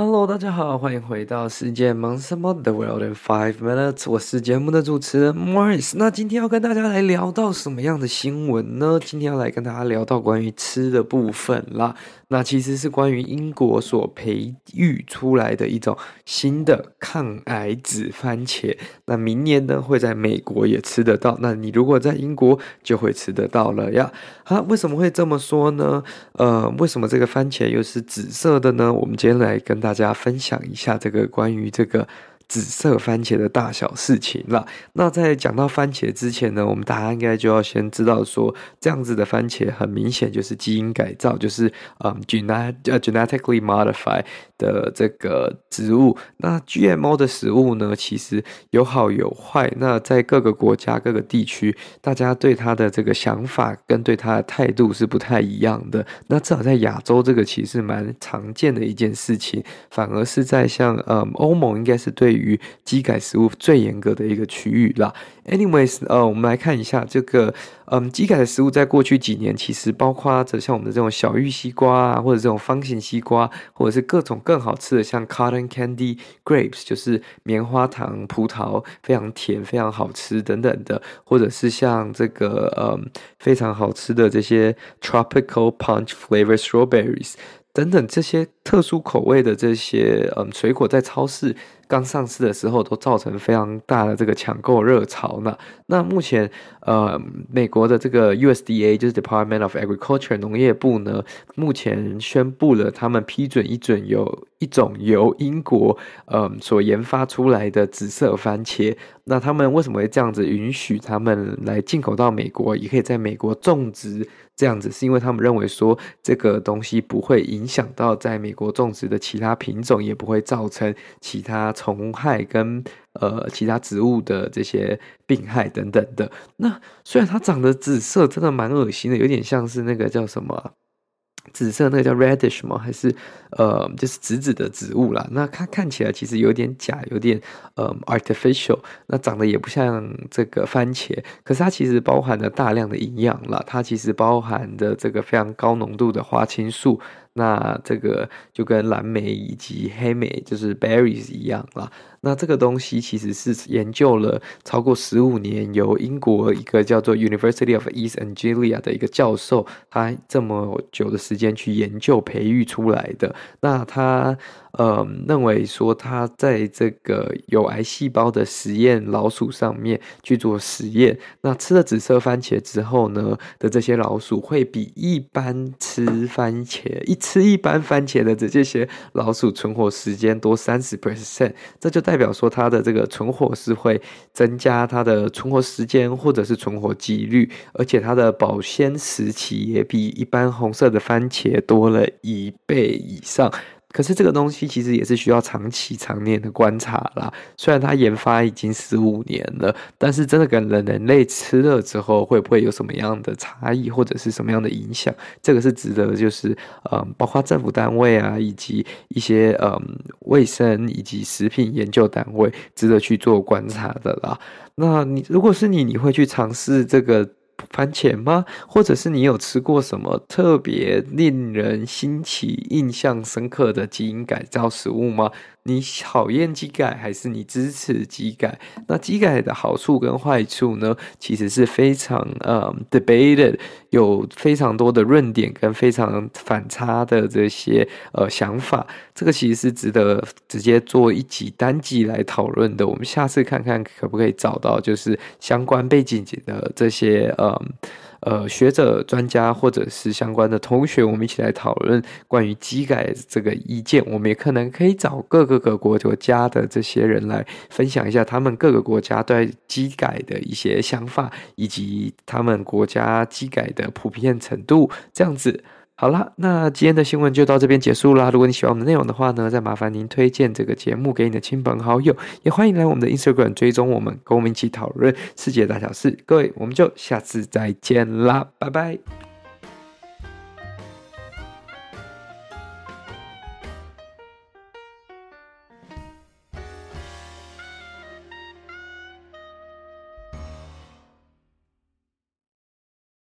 Hello，大家好，歡迎回到世界忙什麼？The world in five minutes。我是節目的主持人 Morris。那今天要跟大家來聊到什麼樣的新聞呢？今天要來跟大家聊到關於吃的部分啦。那其實是關於英國所培育出來的一種新的抗癌紫番茄。那明年呢會在美國也吃得到。那你如果在英國就會吃得到了呀。好，為什麼會這麼說呢？呃，為什麼這個番茄又是紫色的呢？我們今天來跟大大家分享一下這個關於這個。紫色番茄的大小事情了。那在講到番茄之前呢，我們大家應該就要先知道說，這樣子的番茄很明顯就是基因改造，就是嗯 gena 呃 genetically modified 的這個植物。那 GMO 的食物呢，其實有好有壞。那在各個國家、各個地區，大家對它的這個想法跟對它的態度是不太一樣的。那至少在亞洲，這個其實蠻常見的一件事情。反而是在像呃歐盟，應該是對。於基改食物最嚴格的一個區域啦。Anyways，呃，我們來看一下這個，嗯，基改的食物在過去幾年其實包括像我們的這種小玉西瓜啊，或者這種方形西瓜，或者是各種更好吃的，像 Cotton Candy Grapes，就是棉花糖葡萄，非常甜，非常好吃等等的，或者是像這個，嗯，非常好吃的這些 Tropical Punch Flavored Strawberries 等等這些特殊口味的這些，嗯，水果在超市，剛上市的時候都造成非常大的這個搶購熱潮呢。那目前，呃，美國的這個 USDA 就是 Department of Agriculture 農業部呢，目前宣布了他們批准一准由一種由英國，嗯、呃，所研發出來的紫色番茄。那他們為什麼會這樣子允許他們來進口到美國，也可以在美國種植？這樣子是因為他們認為說這個東西不會影響到在美國種植的其他品種，也不會造成其他。蟲害跟呃其他植物的這些病害等等的，那雖然它長得紫色，真的蠻噁心的，有點像是那個叫什麼紫色那個叫 radish 嗎？還是呃就是紫紫的植物啦？那它看起來其實有點假，有點呃 artificial，那長得也不像這個番茄，可是它其實包含了大量的營養啦，它其實包含著這個非常高濃度的花青素。那這個就跟藍莓以及黑莓就是 berries 一樣啦。那這個東西其實是研究了超過十五年，由英國一個叫做 University of East Anglia 的一個教授，他這麼久的時間去研究培育出來的。那他。呃、嗯，認為說它，在這個有癌細胞的實驗老鼠上面去做實驗，那吃了紫色番茄之後呢的這些老鼠會比一般吃番茄一吃一般番茄的這些老鼠存活時間多三十 percent，這就代表說它的這個存活是會增加它的存活時間或者是存活幾率，而且它的保鮮時期也比一般紅色的番茄多了一倍以上。可是這個東西其實也是需要長期、長年的觀察啦，雖然它研發已經十五年了，但是真的跟人人類吃了之後會不會有什麼樣的差異，或者是什麼樣的影響，這個是值得，就是嗯，包括政府單位啊，以及一些嗯衛生以及食品研究單位值得去做觀察的啦。那你如果是你，你會去嘗試這個？番茄嗎？或者是你有吃過什麼特別令人新奇、印象深刻的基因改造食物嗎？你討厭基改還是你支持基改？那基改的好處跟壞處呢？其實是非常呃、um, debated，有非常多的論點跟非常反差的這些呃想法。這個其實是值得直接做一集單集來討論的。我們下次看看可不可以找到就是相關背景的這些呃。呃，學者、專家或者是相關的同學，我們一起來討論關於基改這個意見。我們也可能可以找各個個國家的這些人來分享一下他們各個國家對基改的一些想法，以及他們國家基改的普遍程度，這樣子。好啦，那今天的新聞就到這邊結束啦。如果你喜歡我們的內容的話呢，再麻煩您推薦這個節目給你的親朋好友，也歡迎來我們的 Instagram 追蹤我們，跟我們一起討論世界大小事。各位，我們就下次再見啦，拜拜。